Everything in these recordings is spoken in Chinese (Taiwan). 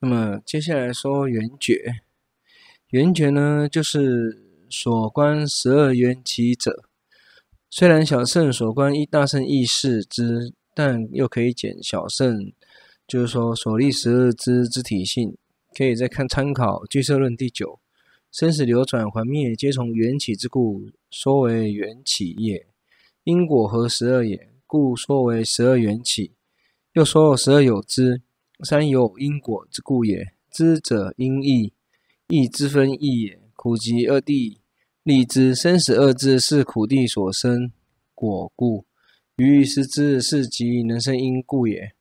那麼，接下來說緣覺。緣覺呢，就是所觀十二緣起者。雖然小乘所觀亦大乘意識之，但又可以減小乘，就是說所立十二支之體性，可以再看參考《俱舍論》第九：生死流轉、還滅，皆從緣起之故，說為緣起也。因果合十二也，故說為十二緣起。又說十二有之。三有因果之故也，知者因義，義之分義也。苦集二諦，立之，生死二智是苦諦所生果故。餘十智，是集能生因故也。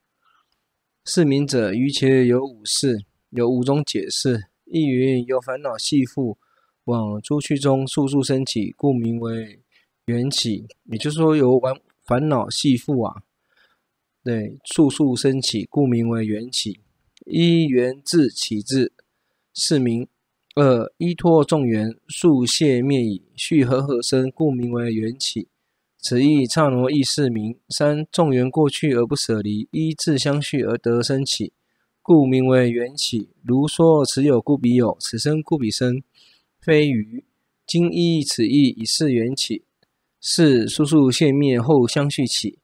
是名者，余且有五事，有五種解釋。意云，由煩惱繫縛往諸趣中速速升起，故名為緣起。也就是說，由煩煩惱繫縛啊。對，速速生起，故名為緣起。一緣自起至，是名；二依托眾緣，速謝滅已。續合合生，故名為緣起。此義剎那意，亦是名。三眾緣過去而不捨離，依自相續而得生起，故名為緣起。如說此有故彼有，此生故彼生，非餘。今依此義，以是緣起。四速速謝滅後相續起。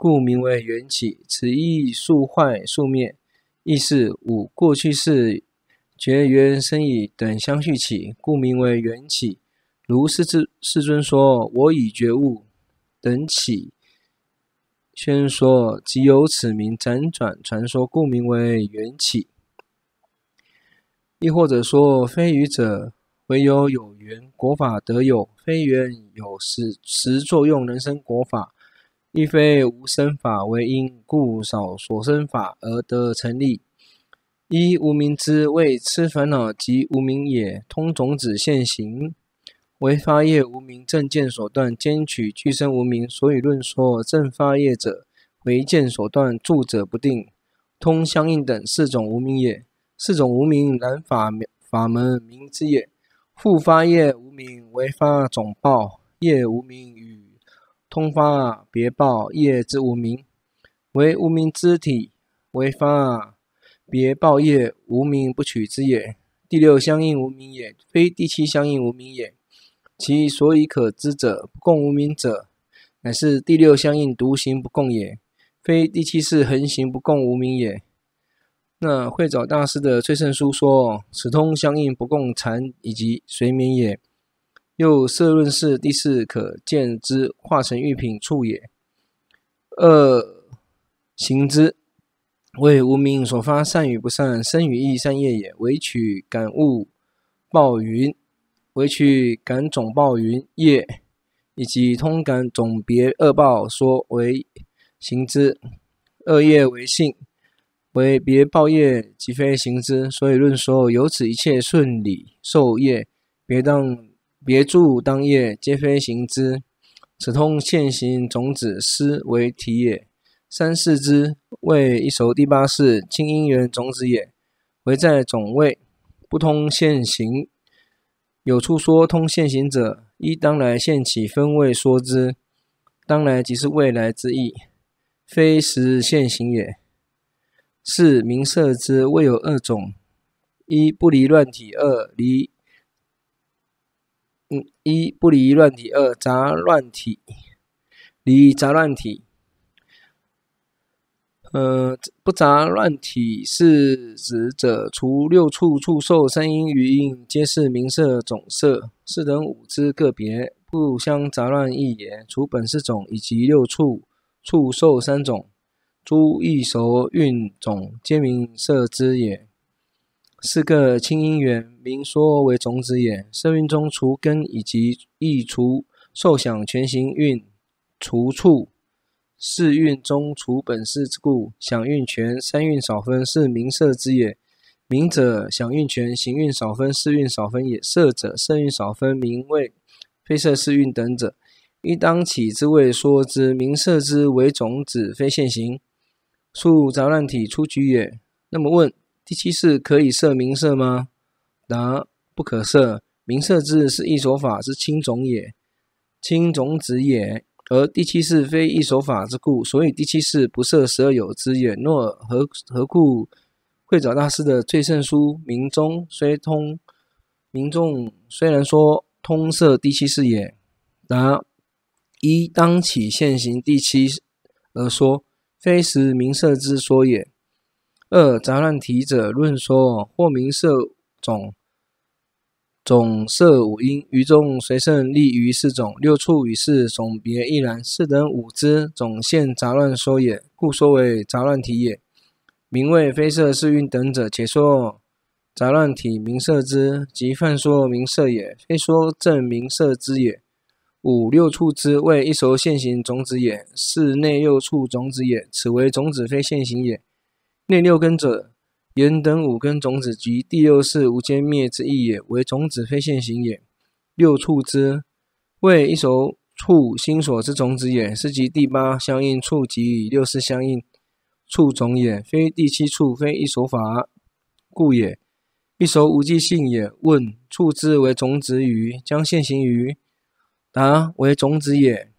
故名為緣起，此意速壞速滅，亦是五過去世覺緣生已等相續起，故名為緣起。如世世尊說：“我已覺悟等起，宣說即有此名輾轉傳說，故名為緣起。”亦或者說，非愚者，唯有有緣果法得有，非緣有時實時作用人生果法，亦非無生法為因，故少所生法而得成立。一無明之謂癡煩惱及無明也，通種子現行為發業無明，正見所斷兼取俱生無明，所以論說正發業者，唯見所斷助者不定，通相應等四種無明也。四種無明難法法門名之也。復發業無明為發總報業無明與。通發別報業之無明，為無明之體，為發別報業無明不取之也。第六相應無明也，非第七相應無明也。其所以可知者，不共無明者，乃是第六相應獨行不共也，非第七是恆行不共無明也。那慧沼大師的崔聖書說，此通相應不共纏以及隨眠也。又色論是第四，可見之化成玉品處也。惡行之為無明，所發善與不善生與異，善業也。唯取感物報云，唯取感種報云業，以及通感總別惡報說為行之惡業為性，為別報業即非行之。所以論說，由此一切順理受業別當。別諸當業皆非行之，此通現行種子思為體也。三世之為一首第八世，清音緣種子也，唯在種位，不通現行。有處說通現行者，一當來現起分位說之。當來即是未來之意，非時現行也。四明色之未有二種：一不離亂體，二離。嗯，一不離亂體，二雜亂體離雜亂體，呃，不雜亂體是指者，除六處觸受三因餘因，皆是名色種色，四等五之各別不相雜亂義也。除本是種以及六處觸受三種，諸異熟運種皆名色之也。是個清音源，明說為種子也。色蘊中除根，以及異除受想全行蘊，除觸識蘊中除本識之故，想蘊全三蘊少分是名色支也。名者想蘊全行蘊少分，識蘊少分也。色者色蘊少分，名為非色識蘊等者，一當起之位說之，名色支為種子，非現行，觸雜亂體出局也。那麼問？第七識可以攝名色嗎？答：不可攝。名色支是異熟法，之親種也，親種子也。而第七識非異熟法之故，所以第七識不攝十二有支也。若爾何故？慧沼大師的最勝疏名中，名中雖通，名中雖然說通攝第七識也。答：依當起現行第七而說，非實名色之說也。二雜亂體者，論說或名色種，種色五音，於中隨勝立於四種，六處與四種別亦然。四等五之總現雜亂說也，故說為雜亂體也。名謂非色是蘊等者，且說雜亂體名色之，即泛說名色也，非說正名色之也。五六處之謂一熟現行種子也，是內六處種子也，此為種子非現行也。內六根者，眼等五根種子及第六是無間滅之意也，為種子非現行也。六觸之，謂異熟觸心所之種子也，是即第八相應觸及與六識相應觸種也，非第七觸，非異熟法故也，異熟無記性也。問觸之為種子歟？將現行歟？答為種子也。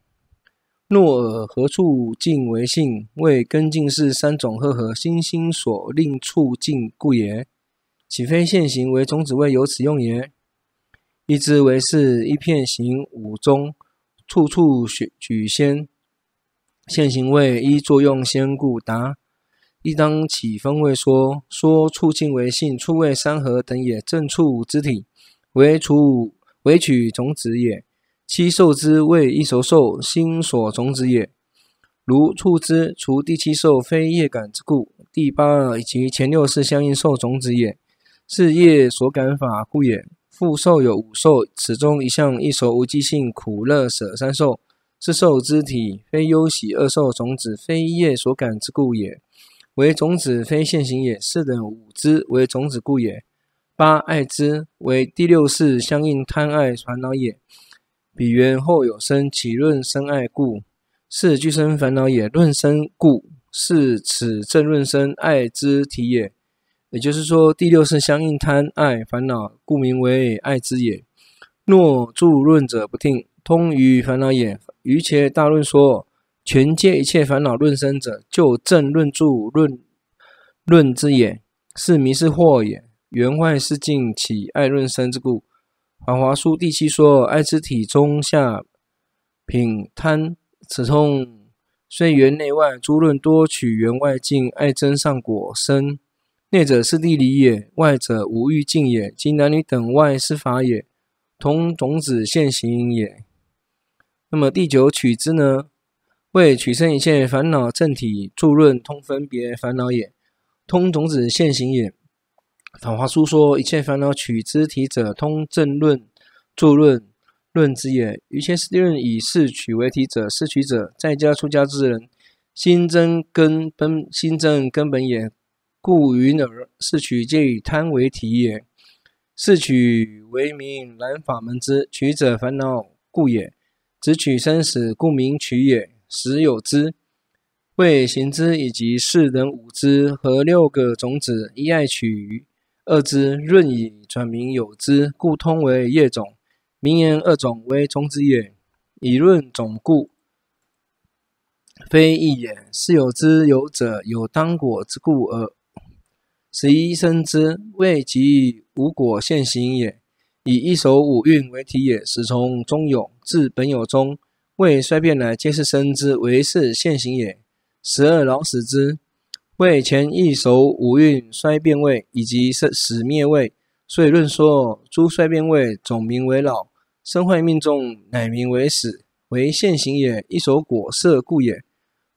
若爾何觸境為性？謂根境識三種和合，心心所令觸境故也。豈非現行為種子位有此用也？一之為是一片行五宗，處處取先。現行位一作用先故達，一當起分位說。說觸境為性，觸謂三合等也。正觸之體，為處為取種子也。七受之謂異熟受心所種子也，如觸之除第七受非業感之故，第八以及前六識相應受種子也，是業所感法故也。復受有五受，此中一向異熟無記性苦樂舍三受，是受之體，非憂喜二受種子，非業所感之故也，為種子非現行也。是等五之為種子故也。八愛之為第六識相應貪愛煩惱也。彼緣後有生，起潤生愛故，是俱生煩惱也。潤生故，是此正潤生愛之體也。也就是說，第六識相應貪愛煩惱，故名為愛之也。若助潤者不聽，通於煩惱也。於且大論說，全界一切煩惱潤生者，就正潤助潤論之也，是迷事惑也。緣外事境，起愛潤生之故。《法華書》第七說：愛之體中下品貪，此通雖緣內外諸論多取緣外境，愛增上果身，內者是地理也，外者無欲境也。及男女等外事法也，通種子現行也。那麼第九取支呢？為取生一切煩惱正體助潤通分別煩惱也，通種子現行也。《法華書》說：“一切煩惱取之體者，通正論、助論、論之也。於前四論以四取為體者，四取者在家出家之人，新增根本，心真根本也。故云爾。四取皆以貪為體也。四取為名難法門之取者，煩惱故也。執取生死，故名取也。死有之，謂行之以及四等五之和六個種子，依愛取。”二之潤以轉名有之，故通為業種。名言二種為中之也，以潤種故，非異也。是有之有者，有當果之故而十一生之，未及無果現行也。以一首五蘊為體也，始從中有至本有終，未衰變乃皆是生之，為是現行也。十二老死之。謂前異熟五蘊衰變位以及死滅位，所以論說諸衰變位總名為老，身壞命終乃名為死，為現行也。異熟果色故也。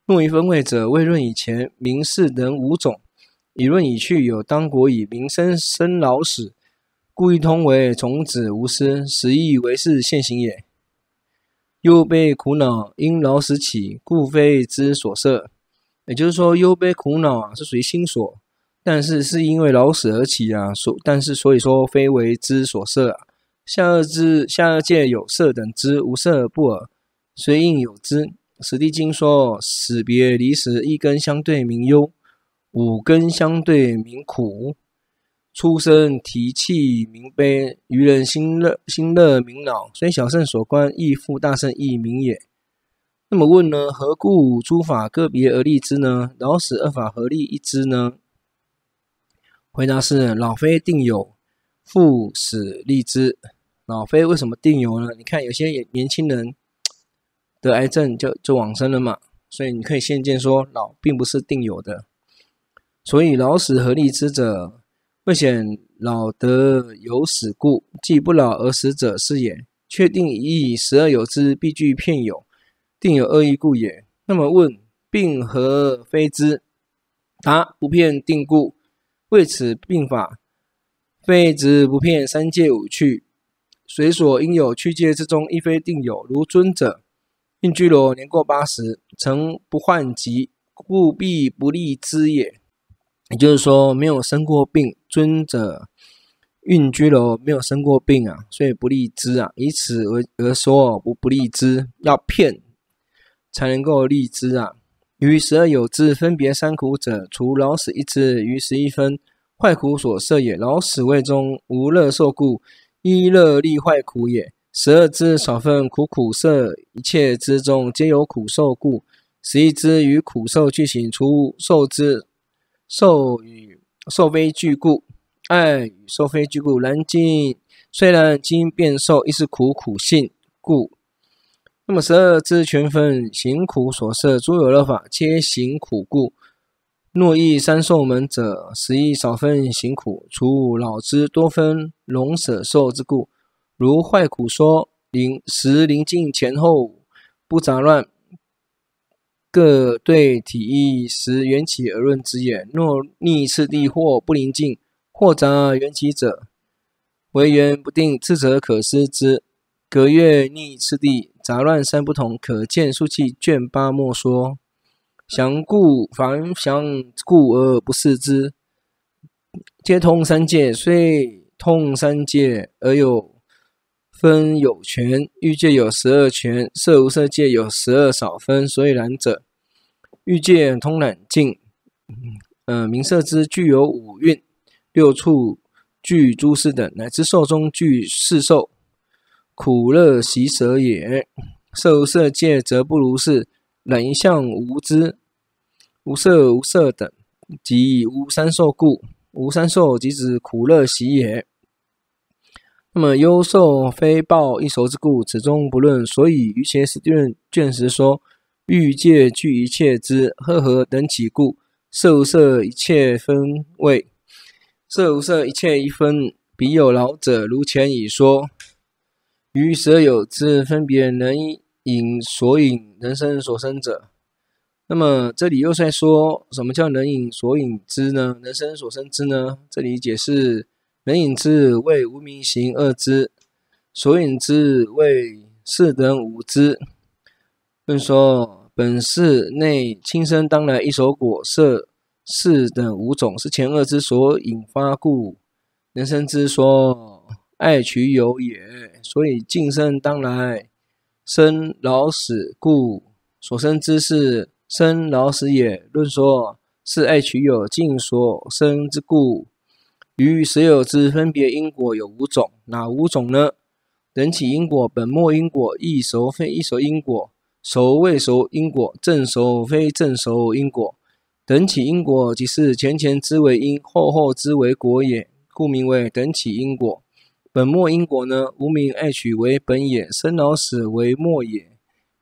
若於分位者，未論以前名是等五種，以論已去有當果以名生、生老、死，故亦通為種子無失，實亦為是現行也。又被苦惱因老死起，故非之所攝。也就是說，憂悲苦惱啊，是隨心所，但是是因為老死而起啊，所但是所以說非為之所攝啊。下二之下二界有色等之無色不爾，雖應有之。史蒂金《史地經》說：死別離時，一根相對名憂；五根相對名苦；出生啼泣名悲；愚人心樂心樂名惱。雖小聖所觀，亦復大聖亦名也。那麼問呢？何故諸法各別，而立之呢？老死二法合立一支呢？回答是：老非定有，附死立之。老非為什麼定有呢？你看有些年輕人得癌症就就往生了嘛，所以你可以現見說，老並不是定有的。所以老死合立之者，未顯老得有死故，即不老而死者是也。確定已矣，死而有之，必具片有。定有惡意故也。那麼問，病何非之？答、啊、不遍定故。為此病法非之不遍三界五趣，隨所應有去界之中亦非定有。如尊者運居羅年過八十，曾不患疾，故必不立之也。也就是說，沒有生過病，尊者運居羅沒有生過病啊，所以不立之啊。以此而而說不不立之，要騙。才能夠立之啊！於十二有之，分別三苦者，除老死一之於十一分，壞苦所攝也。老死未中無樂受故，依樂立壞苦也。十二之少分苦苦攝，一切之中皆有苦受故。十一之與苦受具顯除受之受與受非具故，愛與受非具故。然今雖然今變受，亦是苦苦性故。那麼十二支全分行苦所攝，諸有樂法，皆行苦故。若依三受門者，十一少分行苦，除老之多分龍舍受之故。如壞苦說，臨時臨近前後不雜亂，各對體一時，緣起而論之也。若逆次第或不臨近，或雜緣起者，為緣不定，智者可思之。隔月逆次第。雜亂三不同，可見書契卷八末說。祥故凡祥故而不視之，皆通三界，雖通三界而有分有權。欲界有十二權，色無色界有十二少分。所以然者，欲界通染淨，嗯、呃，名色之具有五蘊、六處具諸事等，乃至受中具四受。苦樂喜舍也，色無色界則不如是，能向無知，無色無色等，即無三受故，無三受即指苦樂喜也。那麼憂受非報異熟之故，此中不論。所以於前十卷卷時說，欲界具一切之和合等起故，色無色一切分位，色無色一切一分，彼有老者如前已說。於十二有支，分別能引所引、能生所生者。那麼，這裡又在說什麼叫能引所引支呢？能生所生支呢？這裡解釋：能引支謂無明行二支，所引支謂識等五支。問說：本識內親生當來，異熟果攝識等五種，是前二支所引發故，能生支說。愛取有也，所以近生當來生老死故，所生之事生老死也。論說是愛取有近所生之故，與實有之分別因果有五種，哪五種呢？等起因果、本末因果、異熟非異熟因果、熟未熟因果、正熟非正熟因果。等起因果，即是前前之為因，後後之為果也，故名為等起因果。本末因果呢？無明愛取為本也，生老死為末也，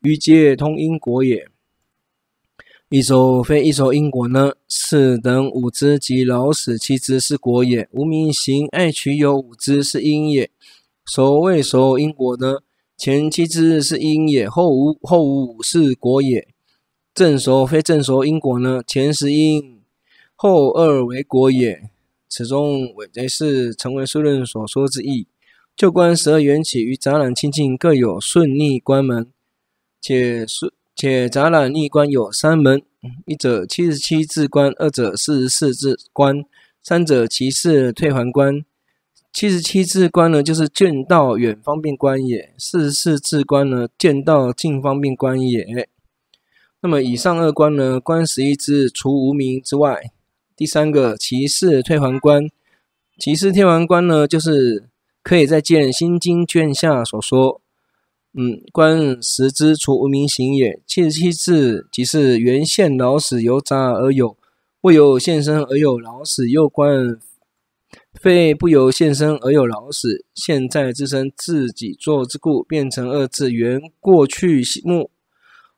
餘皆通因果也。一手非一手因果呢？識等五支及老死七支是果也，無明行愛取有五支是因也。所謂所因果呢？前七支是因也，後五後五是果也。正所非正所因果呢？前十因，後二為果也。此中唯識是成唯識論所說之意。舊觀十二緣起與雜染清淨各有順逆觀門，且順且雜染逆觀有三門：一者七十七智觀，二者四十四智觀，三者其是退還觀。七十七智觀呢，就是見道遠方便觀也；四十四智觀呢，見道近方便觀也。那麼以上二觀呢，觀十一支，除無明之外。第三個，其四退還官，其四退還官呢，就是可以在見心經卷下所說，嗯，官時之除無名行也。七十七即是原現老死由雜而有，未有現身而有老死，又觀，非不由現身而有老死，現在之身自己作之故，變成二字原，原過去末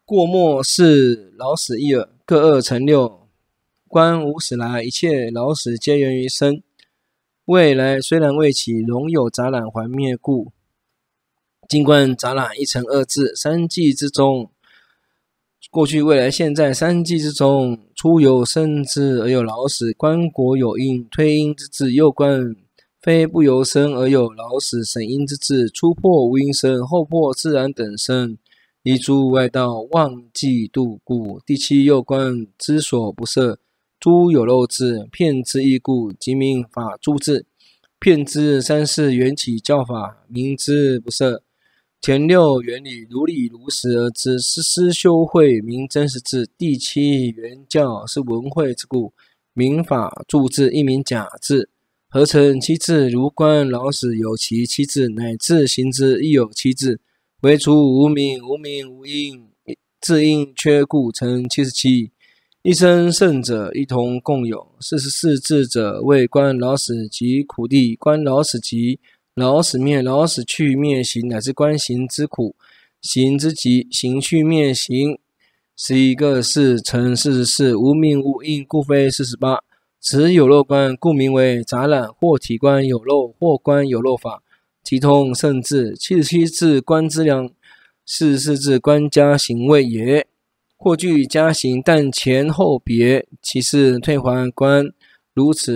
過末是老死一耳，各二乘六。觀無始來，一切老死皆源於生。未來雖然未起，仍有雜染還滅故。今觀雜染一成二字，三際之中，過去、未來、現在三際之中，初有生之而有老死，觀果有因，推因之至，又觀非不由生而有老死，審因之至，初破無因生，後破自然等生。離諸外道，妄計度故。第七又觀之所不攝。諸有漏智，遍知一故，即名法住智。遍知三世緣起教法，名之不涉。前六緣理如理如實而知，思修慧，名真實智。第七緣教是聞慧之故，名法住智，一名假智。合成七智，如觀老死有其七智，乃至行支亦有七智。唯除無明，無明無因，智因缺故成七十七。一生聖者一同共有四十四智者為觀老死及苦諦，觀老死及老死滅老死去滅行，乃至觀行之苦行之集行去滅行，十一個是成四十四無明無因故非四十八，此有漏觀故名為雜染，或體觀有漏或觀有漏法其通聖智七十七智觀之量四十四智觀加行位也。過去加行，但前後別其事退還官，如此。